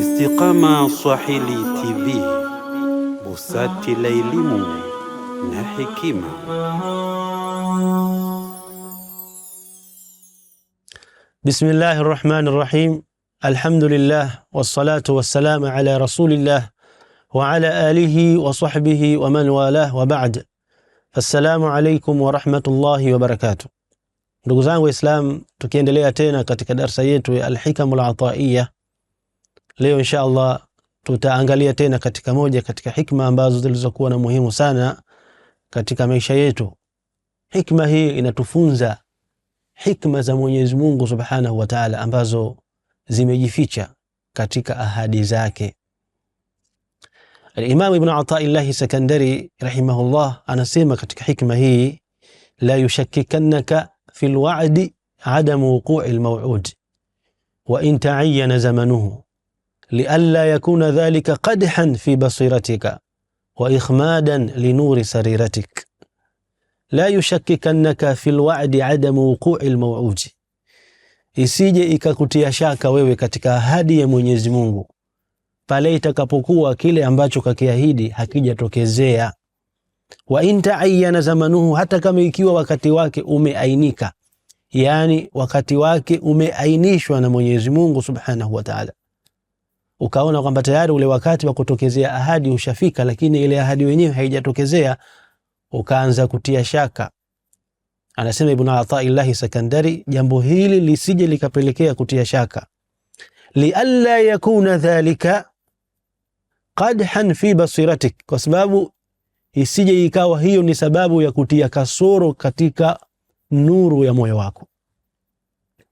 Istiqama Swahili TV, busati la elimu na hekima. Bismillahi rahmani rahim. Alhamdulillah wassalatu wassalamu ala rasulillah wa ala alihi wa sahbihi wa man walah wa ba'd. Assalamu alaikum wa rahmatullahi wa barakatuh. Ndugu zangu Waislam, tukiendelea tena katika darsa yetu ya Alhikamu Lataiya, leo insha Allah tutaangalia tena katika moja katika hikma ambazo zilizokuwa na muhimu sana katika maisha yetu. Hikma hii inatufunza hikma za Mwenyezi Mungu Subhanahu wa Ta'ala ambazo zimejificha katika ahadi zake. Al-Imam Ibn Athaillah Sakandari rahimahullah anasema katika hikma hii, la yushakkikanaka في الوعد عدم وقوع الموعود وإن تعين زمنه لئلا يكون ذلك قدحا في بصيرتك وإخمادا لنور سريرتك لا يشككنك في الوعد عدم وقوع الموعود isije ikakutia shaka wewe katika ahadi ya Mwenyezi Mungu pale itakapokuwa kile ambacho kakiahidi hakijatokezea. Wa in taayana zamanuhu, hata kama ikiwa wakati wake umeainika, yani wakati wake umeainishwa na Mwenyezi Mungu Subhanahu wa Ta'ala. Ukaona kwamba tayari ule wakati wa kutokezea ahadi ushafika, lakini ile ahadi wenyewe haijatokezea, ukaanza kutia shaka. Anasema Ibn Athaillah Sakandari, jambo hili lisije likapelekea kutia shaka, lialla yakuna dhalika qadhan fi basiratik, kwa sababu isije ikawa hiyo ni sababu ya kutia kasoro katika nuru ya moyo wako,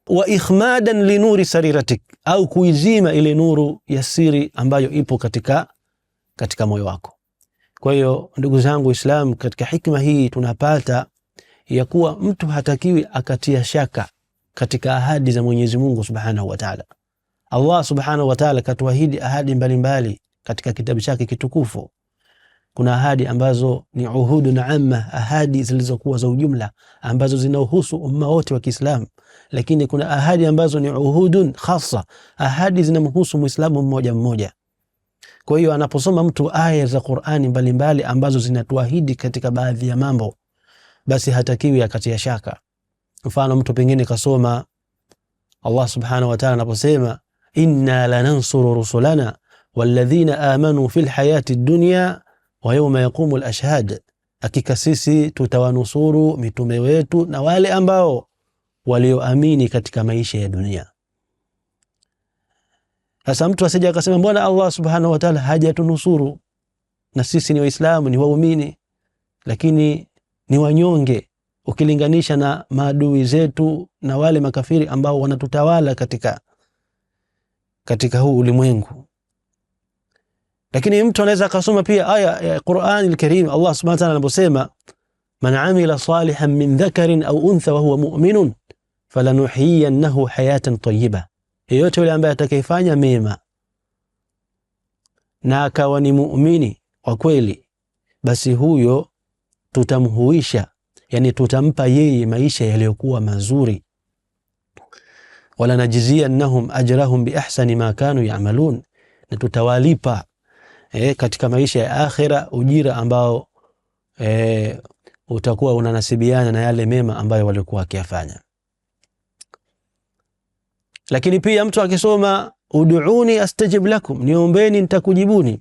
wa ikhmadan li nuri sariratik, au kuizima ile nuru ya siri ambayo ipo katika, katika moyo wako. Kwa hiyo ndugu zangu Islam, katika hikma hii tunapata ya kuwa mtu hatakiwi akatia shaka katika ahadi za Mwenyezi Mungu Subhanahu wa Ta'ala. Allah Subhanahu wa Ta'ala katuahidi ahadi mbalimbali mbali katika kitabu chake kitukufu kuna ahadi ambazo ni uhudu na amma, ahadi zilizokuwa za ujumla ambazo zinahusu umma wote wa Kiislamu, lakini kuna ahadi ambazo ni uhudun khassa, ahadi zinamhusu Muislamu mmoja mmoja. Kwa hiyo anaposoma mtu aya za Qur'ani mbalimbali ambazo zinatuahidi katika baadhi ya mambo, basi hatakiwi akatia shaka. Mfano, mtu pengine kasoma Allah subhanahu wa ta'ala anaposema inna lanansuru rusulana walladhina amanu fil hayati dunya wa yauma yaqumu al-ashhad, hakika sisi tutawanusuru mitume wetu na wale ambao walioamini katika maisha ya dunia. Sasa mtu asije akasema mbona Allah subhanahu wa ta'ala hajatunusuru na sisi ni Waislamu, ni waumini, lakini ni wanyonge ukilinganisha na maadui zetu na wale makafiri ambao wanatutawala katika, katika huu ulimwengu. Lakini mtu anaweza akasoma pia aya ya Qur'ani al-Karim, Allah Subhanahu wa ta'ala anaposema man amila salihan min dhakarin au untha wa huwa mu'minun falanuhiyannahu hayatan tayyiba, yeyote yule ambaye atakayefanya mema na akawa ni muumini wa kweli, basi huyo tutamhuisha, yani tutampa yeye maisha yaliyokuwa mazuri wala najiziyannahum ajrahum bi ahsani ma kanu ya'malun, na tutawalipa e, katika maisha ya akhira, ujira ambao e, utakuwa unanasibiana na yale mema ambayo walikuwa wakiyafanya. Lakini pia mtu akisoma uduuni astajib lakum, niombeni nitakujibuni.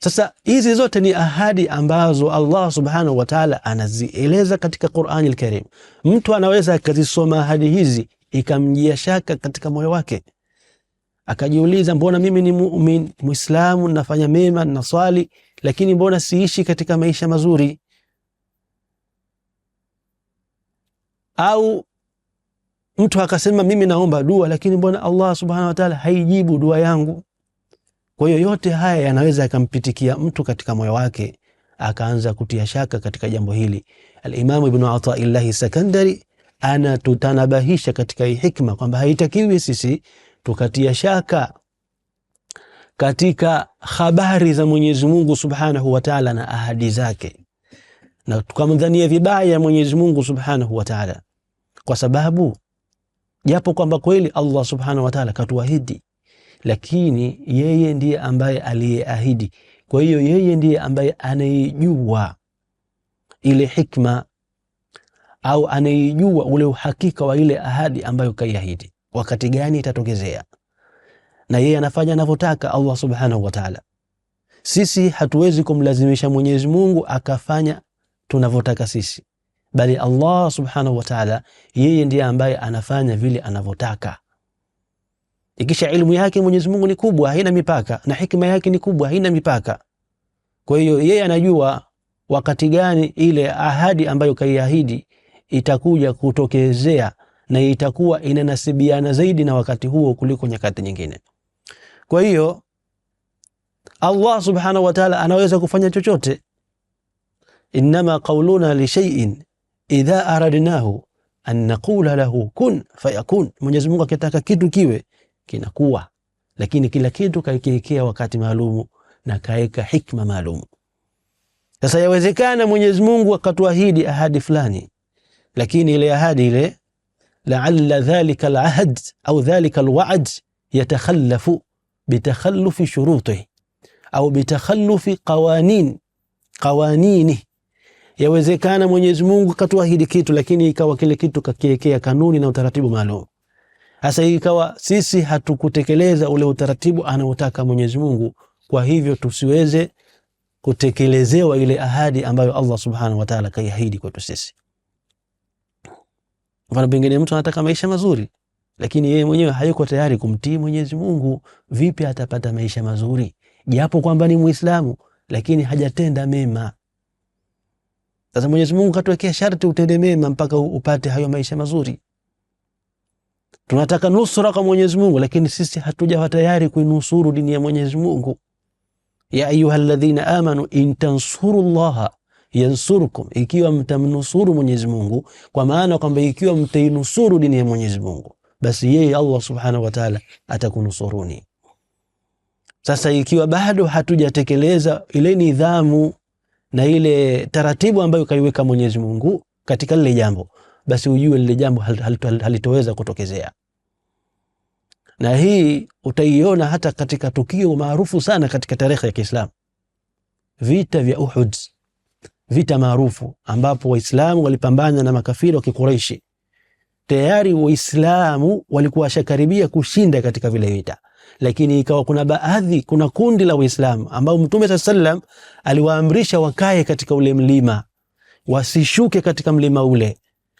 Sasa hizi zote ni ahadi ambazo Allah subhanahu wa ta'ala anazieleza katika Qur'anil Karim. Mtu anaweza akazisoma ahadi hizi ikamjia shaka katika moyo wake. Akajiuliza, mbona mimi ni muumini Muislamu, nafanya mema, naswali, lakini mbona siishi katika maisha mazuri? Au mtu akasema, mimi naomba dua, lakini mbona Allah subhanahu wa ta'ala haijibu dua yangu? Kwa hiyo yote haya yanaweza yakampitikia mtu katika moyo wake, akaanza kutia shaka katika jambo hili. Al-Imam Ibn Athaillah Sakandari anatutanabahisha katika hii hikma kwamba haitakiwi sisi tukatia shaka katika habari za Mwenyezi Mungu Subhanahu wa Ta'ala na ahadi zake, na tukamdhania vibaya Mwenyezi Mungu Subhanahu wa Ta'ala, kwa sababu japo kwamba kweli Allah Subhanahu wa Ta'ala katuahidi, lakini yeye ndiye ambaye aliyeahidi. Kwa hiyo yeye ndiye ambaye anayejua ile hikma au anayejua ule uhakika wa ile ahadi ambayo kaiahidi wakati gani itatokezea, na yeye anafanya anavyotaka Allah subhanahu wa ta'ala. Sisi hatuwezi kumlazimisha Mwenyezi Mungu akafanya tunavyotaka sisi, bali Allah subhanahu wa ta'ala, yeye ndiye ambaye anafanya vile anavyotaka. Ikisha ilmu yake Mwenyezi Mungu ni kubwa, haina mipaka, na hikima yake ni kubwa, haina mipaka. Kwa hiyo yeye anajua wakati gani ile ahadi ambayo kaiahidi itakuja kutokezea na itakuwa inanasibiana zaidi na wakati huo kuliko nyakati nyingine. Kwa hiyo Allah subhanahu wa ta'ala anaweza kufanya chochote, innama qauluna li shay'in idha aradnahu an naqula lahu kun fayakun. Mwenyezi Mungu akitaka kitu kiwe kinakuwa, lakini kila kitu kaikiwekea wakati maalumu na kaeka hikma maalumu. Sasa yawezekana Mwenyezi Mungu akatuahidi ahadi fulani, lakini ile ahadi ile لعل ذلك العهد أو ذلك الوعد يتخلف بتخلف شروطه au bitakhallufi qawanin qawanini yawezekana Mwenyezi Mungu katuahidi kitu lakini ikawa kile kitu kakiekea kanuni na utaratibu maalum hasa ikawa sisi hatukutekeleza ule utaratibu anaotaka Mwenyezi Mungu kwa hivyo tusiweze kutekelezewa ile ahadi ambayo Allah Subhanahu wa Ta'ala kaiahidi kwetu sisi Mfano pengine mtu anataka maisha mazuri, lakini yeye mwenyewe hayuko tayari kumtii Mwenyezi Mungu, vipi atapata maisha mazuri? Japo kwamba ni Muislamu, lakini hajatenda mema. Sasa Mwenyezi Mungu katuwekea sharti utende mema mpaka upate hayo maisha mazuri. Tunataka nusura kwa Mwenyezi Mungu, lakini sisi hatujawa tayari kuinusuru dini ya Mwenyezi Mungu. Ya ayuha alladhina amanu in tansurullaha yansurukum, ikiwa mtamnusuru Mwenyezi Mungu, kwa maana kwamba ikiwa mtainusuru dini ya Mwenyezi Mungu, basi yeye Allah Subhanahu wa Ta'ala atakunusuruni. Sasa ikiwa bado hatujatekeleza ile nidhamu na ile taratibu ambayo kaiweka Mwenyezi Mungu katika lile jambo, basi ujue lile jambo halitoweza kutokezea. Na hii utaiona hata katika tukio maarufu sana katika tarehe ya Kiislamu, vita vya Uhud vita maarufu ambapo Waislamu walipambana na makafiri wa Kikureishi. Tayari Waislamu walikuwa washakaribia kushinda katika vile vita, lakini ikawa kuna baadhi, kuna kundi la Waislamu ambao Mtume saa salam aliwaamrisha wakae katika ule mlima, wasishuke katika mlima ule,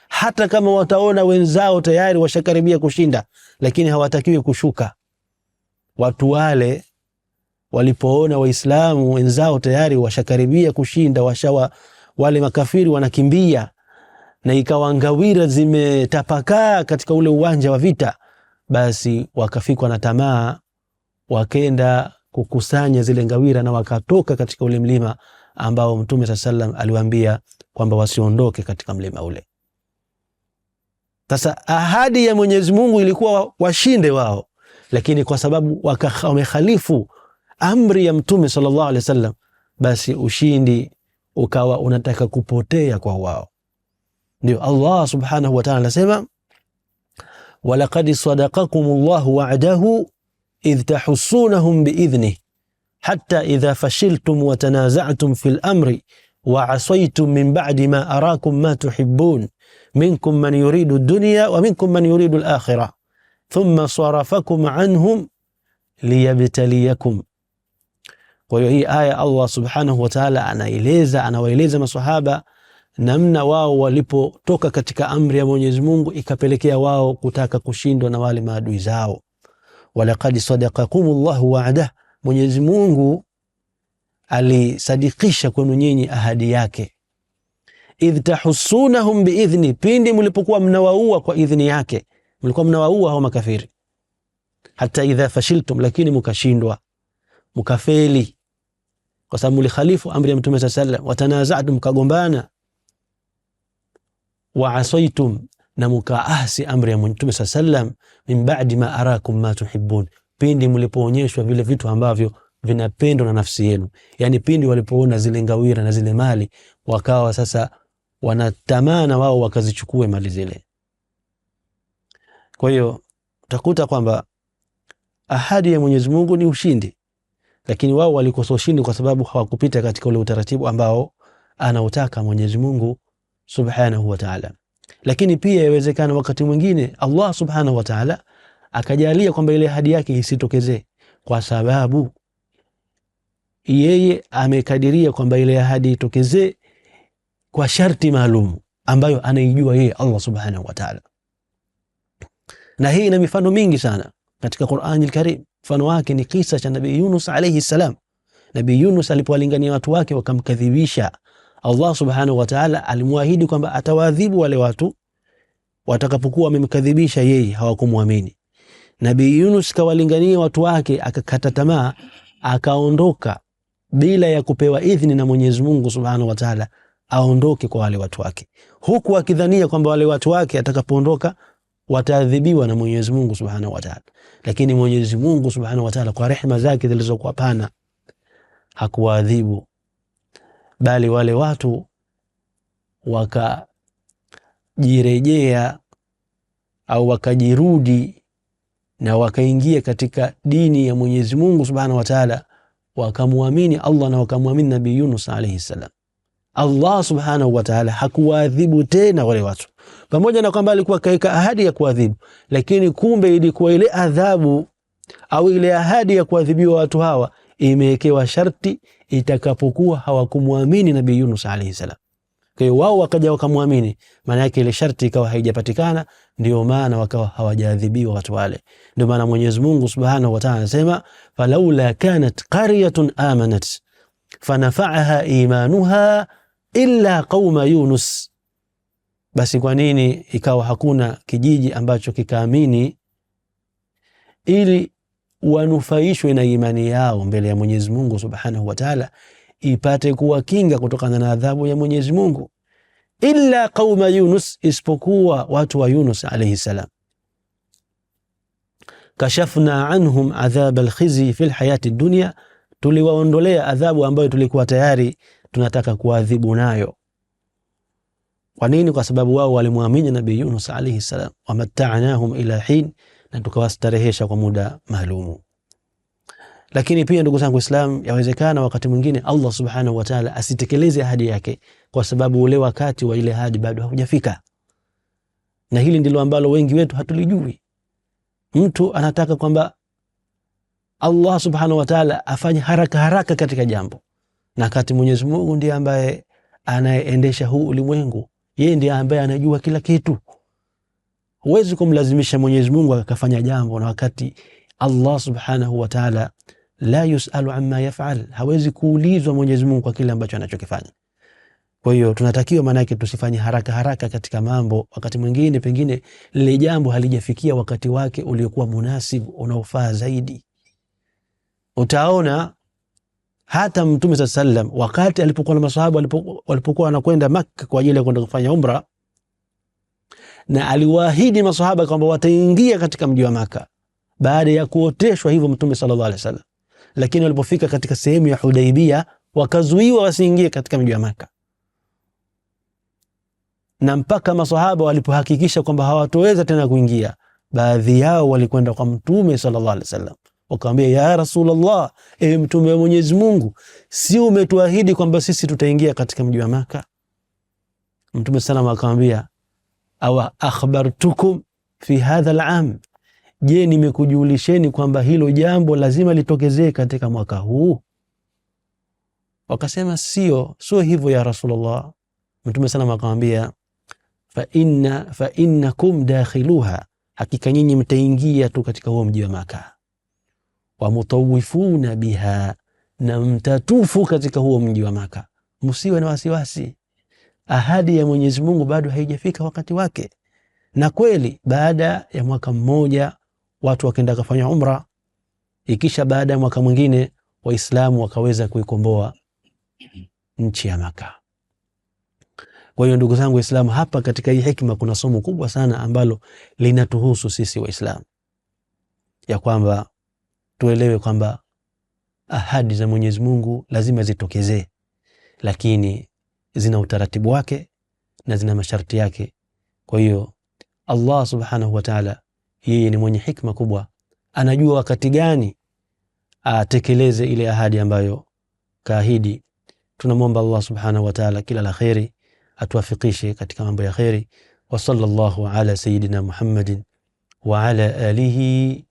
hata kama wataona wenzao tayari washakaribia kushinda, lakini hawatakiwi kushuka. Watu wale walipoona Waislamu wenzao tayari washakaribia kushinda, washawa wale makafiri wanakimbia, na ikawa ngawira zimetapakaa katika ule uwanja wa vita, basi wakafikwa na tamaa, wakenda kukusanya zile ngawira na wakatoka katika ule mlima ambao Mtume saa salam aliwaambia kwamba wasiondoke katika mlima ule. Sasa ahadi ya Mwenyezi Mungu ilikuwa washinde wao, lakini kwa sababu wamekhalifu amri ya Mtume sallallahu alaihi wasallam, basi ushindi ukawa unataka kupotea kwa wao. Ndio Allah subhanahu wa ta'ala anasema, walaqad sadaqakum llahu wa'adahu idh tahussunahum biidhnih hatta idha fashiltum wa tanaza'tum fil amri wa asaytum min ba'di ma arakum ma tuhibbun minkum man yuridu ad-dunya wa minkum man yuridu al-akhirah thumma sarafakum anhum liyabtaliyakum Kwa hiyo hii aya Allah subhanahu wa ta'ala anaeleza anawaeleza maswahaba namna wao walipotoka katika amri ya Mwenyezi Mungu ikapelekea wao kutaka kushindwa na wale maadui zao. Walaqad sadaqakumullahu wa'ada, Mwenyezi Mungu alisadikisha kwenu nyinyi ahadi yake. Idh tahussunahum biidhni, pindi mlipokuwa mnawaua kwa idhni yake, mlikuwa mnawaua hao makafiri. Hata idha fashiltum, lakini mukashindwa mukafeli kwa sababu mlikhalifu amri ya Mtume saa sallam. Watanazatum, mkagombana. Waasaitum, na mukaasi amri ya Mtume saa sallam. Min baadi ma arakum ma tuhibun, pindi mlipoonyeshwa vile vitu ambavyo vinapendwa na nafsi yenu. Yani pindi walipoona zile ngawira na zile mali, wakawa sasa wanatamana wao wakazichukue mali zile. Kwa hiyo utakuta kwamba ahadi ya Mwenyezi Mungu ni ushindi lakini wao walikosa ushindi kwa sababu hawakupita katika ule utaratibu ambao anautaka Mwenyezi Mungu Subhanahu wa Ta'ala. Lakini pia yawezekana wakati mwingine Allah Subhanahu wa Ta'ala akajalia kwamba ile ahadi yake isitokezee kwa sababu yeye amekadiria kwamba ile ahadi itokezee kwa sharti maalum ambayo anaijua yeye Allah Subhanahu wa Ta'ala. Na hii ina mifano mingi sana katika Qur'an al-Karim. Mfano wake ni kisa cha Nabii Yunus alayhi salam. Nabii Yunus alipowalingania watu wake wakamkadhibisha, Allah subhanahu wa ta'ala alimwahidi kwamba atawaadhibu wale watu watakapokuwa wamemkadhibisha yeye, hawakumwamini. Nabii Yunus kawalingania watu wake, akakata tamaa, akaondoka bila ya kupewa idhini na Mwenyezi Mungu subhanahu wa ta'ala aondoke kwa wale watu wake, huku akidhania kwamba wale watu wake atakapoondoka wataadhibiwa na Mwenyezi Mungu Subhanahu wa Ta'ala. Lakini Mwenyezi Mungu Subhanahu wa Ta'ala kwa rehema zake zilizokuwa pana hakuwaadhibu, bali wale watu wakajirejea au wakajirudi na wakaingia katika dini ya Mwenyezi Mungu Subhanahu wa Ta'ala, wakamwamini Allah na wakamwamini Nabii Yunus alayhi salam. Allah subhanahu wa ta'ala hakuwaadhibu tena wale watu, pamoja na kwamba alikuwa kaweka ahadi ya kuadhibu, lakini kumbe ilikuwa ile adhabu au ile ahadi ya kuadhibiwa watu hawa imewekewa sharti itakapokuwa hawakumwamini Nabi Yunus alayhi salam. Kwa hiyo wao wakaja wakamwamini, maana yake ile sharti ikawa haijapatikana, ndio maana wakawa hawajaadhibiwa watu wale. Ndio maana Mwenyezi Mungu Subhanahu wa Ta'ala anasema falaula kanat qaryatun amanat fanafa'aha imanuha illa qauma Yunus, basi kwa nini ikawa hakuna kijiji ambacho kikaamini ili wanufaishwe na imani yao mbele ya Mwenyezi Mungu Subhanahu wa Ta'ala, ipate kuwakinga kutokana na adhabu ya Mwenyezi Mungu. Illa qauma Yunus, isipokuwa watu wa Yunus alayhi salam. Kashafna anhum adhab alkhizi fi lhayati dunya, tuliwaondolea adhabu ambayo tulikuwa tayari tunataka kuadhibu nayo. Kwa nini? Kwa sababu wao walimwamini Nabii Yunus alayhi salam, wamattaanahum ila hin, na tukawastarehesha kwa muda maalumu. Lakini pia ndugu zangu Waislamu, yawezekana wakati mwingine Allah subhanahu wa ta'ala asitekeleze ahadi yake, kwa sababu ule wakati wa ile ahadi bado haujafika, na hili ndilo ambalo wengi wetu hatulijui. Mtu anataka kwamba Allah subhanahu wa ta'ala afanye haraka haraka katika jambo na kati Mwenyezi Mungu ndiye ambaye anayeendesha huu ulimwengu, yeye ndiye ambaye anajua kila kitu. Huwezi kumlazimisha Mwenyezi Mungu akafanya jambo, na wakati Allah subhanahu wa ta'ala la yusalu amma yafal, hawezi kuulizwa Mwenyezi Mungu kwa kile ambacho anachokifanya. Kwa hiyo tunatakiwa maanake tusifanye haraka haraka katika mambo. Wakati mwingine pengine lile jambo halijafikia wakati wake uliokuwa munasibu unaofaa zaidi. Utaona hata Mtume saa sallam wakati alipokuwa na masahaba walipokuwa wanakwenda Makka kwa ajili ya kwenda kufanya umra, na aliwaahidi masahaba kwamba wataingia katika mji wa Makka baada ya kuoteshwa hivyo Mtume sallallahu alaihi wasallam, lakini walipofika katika sehemu ya Hudaibia wakazuiwa wasiingie katika mji wa Makka, na mpaka masahaba walipohakikisha kwamba hawatoweza tena kuingia, baadhi yao walikwenda kwa Mtume sallallahu alaihi wasallam Wakamwambia, ya Rasulullah, ewe mtume wa Mwenyezi Mungu, si umetuahidi kwamba sisi tutaingia katika mji wa Maka? Mtume salam akamwambia, awa akhbartukum fi hadha al-am, je, nimekujulisheni kwamba hilo jambo lazima litokezee katika mwaka huu? Wakasema sio, sio hivyo ya Rasulullah. Mtume salam akamwambia, fa inna fa innakum dakhiluha, hakika nyinyi mtaingia tu katika huo mji wa Maka wamutawifuna biha, na mtatufu katika huo mji wa Maka. Msiwe na wasiwasi, ahadi ya Mwenyezi Mungu bado haijafika wakati wake. Na kweli baada ya mwaka mmoja watu wakenda kufanya umra, ikisha baada ya mwaka mwingine Waislamu wakaweza kuikomboa nchi ya Maka. Kwa hiyo ndugu zangu Waislamu, hapa katika hii hikma kuna somo kubwa sana ambalo linatuhusu sisi Waislamu, ya kwamba tuelewe kwamba ahadi za Mwenyezi Mungu lazima zitokezee, lakini zina utaratibu wake na zina masharti yake. Kwa hiyo Allah subhanahu wa ta'ala, yeye ni mwenye hikma kubwa, anajua wakati gani atekeleze ile ahadi ambayo kaahidi. Tunamwomba Allah subhanahu wa ta'ala kila la kheri, atuwafikishe katika mambo ya kheri. wa sallallahu ala sayidina Muhammadin wa ala alihi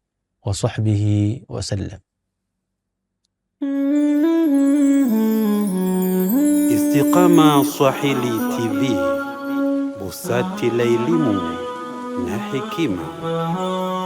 وصحبه وسلم استقامة صحيلي تي في بساتي ليلمو نحكيمه